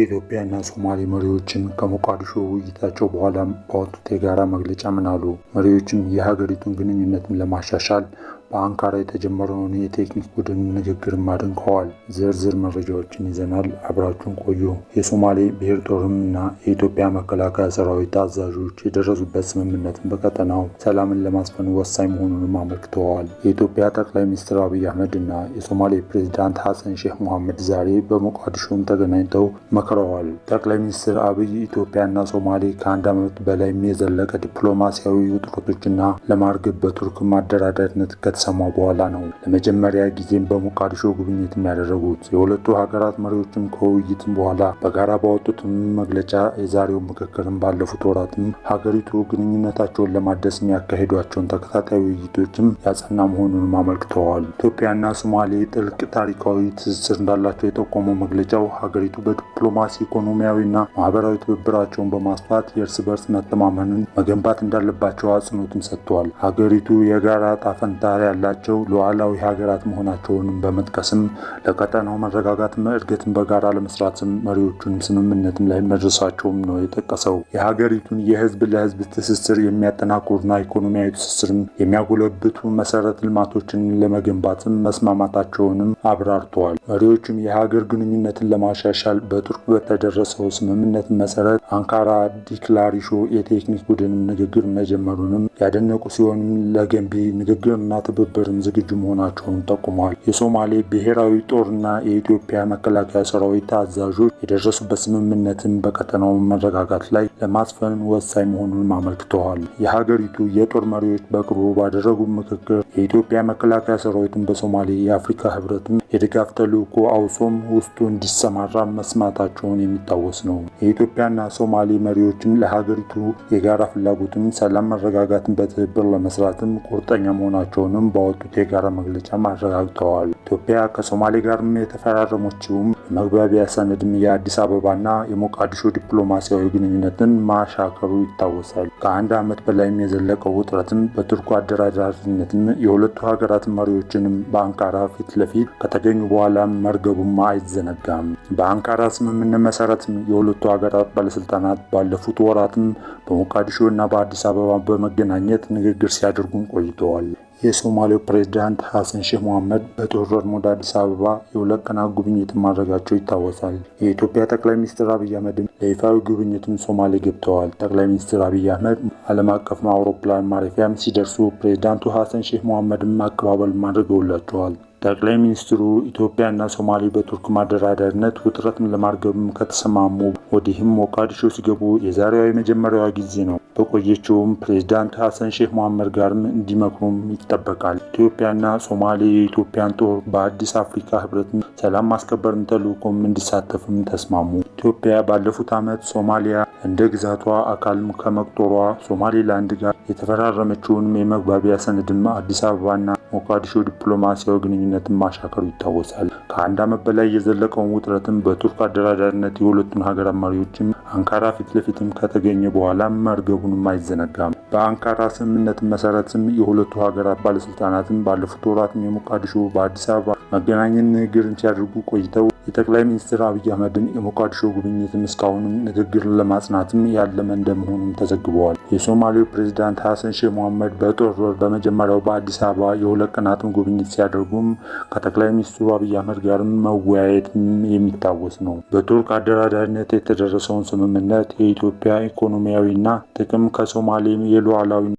የኢትዮጵያና ሶማሌ መሪዎችን ከሞቃዲሾ ውይይታቸው በኋላ ባወጡት የጋራ መግለጫ ምን አሉ? መሪዎችም የሀገሪቱን ግንኙነትን ለማሻሻል በአንካራ የተጀመረውን የቴክኒክ ቡድን ንግግርም አድንቀዋል። ዝርዝር መረጃዎችን ይዘናል። አብራችሁን ቆዩ። የሶማሌ ብሔር ጦርም እና የኢትዮጵያ መከላከያ ሰራዊት አዛዦች የደረሱበት ስምምነትን በቀጠናው ሰላምን ለማስፈን ወሳኝ መሆኑንም አመልክተዋል። የኢትዮጵያ ጠቅላይ ሚኒስትር አብይ አህመድ እና የሶማሌ ፕሬዚዳንት ሐሰን ሼህ መሐመድ ዛሬ በሞቃዲሾም ተገናኝተው መክረዋል። ጠቅላይ ሚኒስትር አብይ ኢትዮጵያና ሶማሌ ከአንድ ዓመት በላይም የዘለቀ ዲፕሎማሲያዊ ውጥረቶችና ለማርገብ በቱርክ አደራዳሪነት ከተሰማ በኋላ ነው። ለመጀመሪያ ጊዜም በሞቃዲሾ ጉብኝት የሚያደረጉት የሁለቱ ሀገራት መሪዎችም ከውይይትም በኋላ በጋራ ባወጡት መግለጫ የዛሬው ምክክርም ባለፉት ወራትም ሀገሪቱ ግንኙነታቸውን ለማደስ የሚያካሂዷቸውን ተከታታይ ውይይቶችም ያጸና መሆኑንም አመልክተዋል። ኢትዮጵያና ሶማሌ ጥልቅ ታሪካዊ ትስስር እንዳላቸው የጠቆመው መግለጫው ሀገሪቱ በዲፕሎማሲ ኢኮኖሚያዊና ማህበራዊ ትብብራቸውን በማስፋት የእርስ በርስ መተማመንን መገንባት እንዳለባቸው አጽንኦትም ሰጥተዋል። ሀገሪቱ የጋራ ጣፈንታ ያላቸው ሉዓላዊ ሀገራት መሆናቸውንም በመጥቀስም ለቀጠናው መረጋጋት እድገትን በጋራ ለመስራትም መሪዎቹን ስምምነትም ላይ መድረሳቸውም ነው የጠቀሰው። የሀገሪቱን የህዝብ ለህዝብ ትስስር የሚያጠናክሩና ኢኮኖሚያዊ ትስስርን የሚያጎለብቱ መሰረተ ልማቶችን ለመገንባትም መስማማታቸውንም አብራርተዋል። መሪዎቹም የሀገር ግንኙነትን ለማሻሻል በቱርክ በተደረሰው ስምምነት መሰረት አንካራ ዲክላሪሾ የቴክኒክ ቡድንም ንግግር መጀመሩንም ያደነቁ ሲሆን ለገንቢ ንግግርና ትብብርም ዝግጁ መሆናቸውን ጠቁመዋል። የሶማሌ ብሔራዊ ጦርና የኢትዮጵያ መከላከያ ሰራዊት አዛዦች የደረሱበት ስምምነትን በቀጠናው መረጋጋት ላይ ለማስፈን ወሳኝ መሆኑንም አመልክተዋል። የሀገሪቱ የጦር መሪዎች በቅርቡ ባደረጉ ምክክር የኢትዮጵያ መከላከያ ሰራዊትን በሶማሌ የአፍሪካ ህብረትም የድጋፍ ተልዕኮ አውሶም ውስጡ እንዲሰማራ መስማታቸውን የሚታወስ ነው። የኢትዮጵያና ሶማሌ መሪዎችም ለሀገሪቱ የጋራ ፍላጎትም ሰላም፣ መረጋጋትን በትብብር ለመስራትም ቁርጠኛ መሆናቸውንም ባወጡት የጋራ መግለጫ አረጋግጠዋል። ኢትዮጵያ ከሶማሌ ጋርም የተፈራረመችውም መግባቢያ ሰነድም የአዲስ አበባና የሞቃዲሾ ዲፕሎማሲያዊ ግንኙነትን ማሻከሩ ይታወሳል። ከአንድ ዓመት በላይም የዘለቀው ውጥረትም በቱርኩ አደራዳሪነትም የሁለቱ ሀገራት መሪዎችንም በአንካራ ፊት ለፊት ከተገኙ በኋላ መርገቡም አይዘነጋም። በአንካራ ስምምነት መሰረትም የሁለቱ ሀገራት ባለስልጣናት ባለፉት ወራትም በሞቃዲሾ እና በአዲስ አበባ በመገናኘት ንግግር ሲያደርጉም ቆይተዋል። የሶማሌው ፕሬዝዳንት ሐሰን ሼህ መሐመድ በጦር ወር አዲስ አበባ የሁለት ቀናት ጉብኝት ማድረጋቸው ይታወሳል። የኢትዮጵያ ጠቅላይ ሚኒስትር አብይ አህመድም ለይፋዊ ጉብኝትም ሶማሌ ገብተዋል። ጠቅላይ ሚኒስትር አብይ አህመድ ዓለም አቀፍ አውሮፕላን ማረፊያም ሲደርሱ ፕሬዝዳንቱ ሐሰን ሼህ መሐመድም አቀባበል አድርገውላቸዋል። ጠቅላይ ሚኒስትሩ ኢትዮጵያና ሶማሌ በቱርክ ማደራደርነት ውጥረትን ለማርገብም ከተሰማሙ ወዲህም ሞቃዲሾ ሲገቡ የዛሬዋ የመጀመሪያዋ ጊዜ ነው። በቆየችውም ፕሬዚዳንት ሀሰን ሼህ መሐመድ ጋርም እንዲመክሩም ይጠበቃል። ኢትዮጵያና ሶማሌ የኢትዮጵያን ጦር በአዲስ አፍሪካ ህብረት ሰላም ማስከበርን ተልዕኮም እንዲሳተፍም ተስማሙ። ኢትዮጵያ ባለፉት ዓመት ሶማሊያ እንደ ግዛቷ አካልም ከመቁጠሯ ሶማሌላንድ ጋር የተፈራረመችውንም የመግባቢያ ሰነድም አዲስ አበባና ሞቃዲሾ ዲፕሎማሲያዊ ግንኙነትን ማሻከሩ ይታወሳል። ከአንድ ዓመት በላይ የዘለቀውን ውጥረትም በቱርክ አደራዳሪነት የሁለቱን ሀገራት መሪዎችም አንካራ ፊት ለፊትም ከተገኘ በኋላ መርገቡንም አይዘነጋም። በአንካራ ስምምነት መሰረትም የሁለቱ ሀገራት ባለስልጣናትም ባለፉት ወራትም የሞቃዲሾ በአዲስ አበባ መገናኛ ንግግርን ሲያደርጉ ቆይተው የጠቅላይ ሚኒስትር አብይ አህመድን የሞቃዲሾ ጉብኝትም እስካሁንም ንግግርን ለማጽናትም ያለመ እንደመሆኑም ተዘግበዋል። የሶማሌው ፕሬዚዳንት ሀሰን ሼህ መሐመድ በጦር ወር በመጀመሪያው በአዲስ አበባ የሁለት ቀናትም ጉብኝት ሲያደርጉም ከጠቅላይ ሚኒስትሩ አብይ አህመድ ጋርም መወያየት የሚታወስ ነው። በቱርክ አደራዳሪነት የተደረሰውን ስምምነት የኢትዮጵያ ኢኮኖሚያዊና ጥቅም ከሶማሌ የሉዓላዊ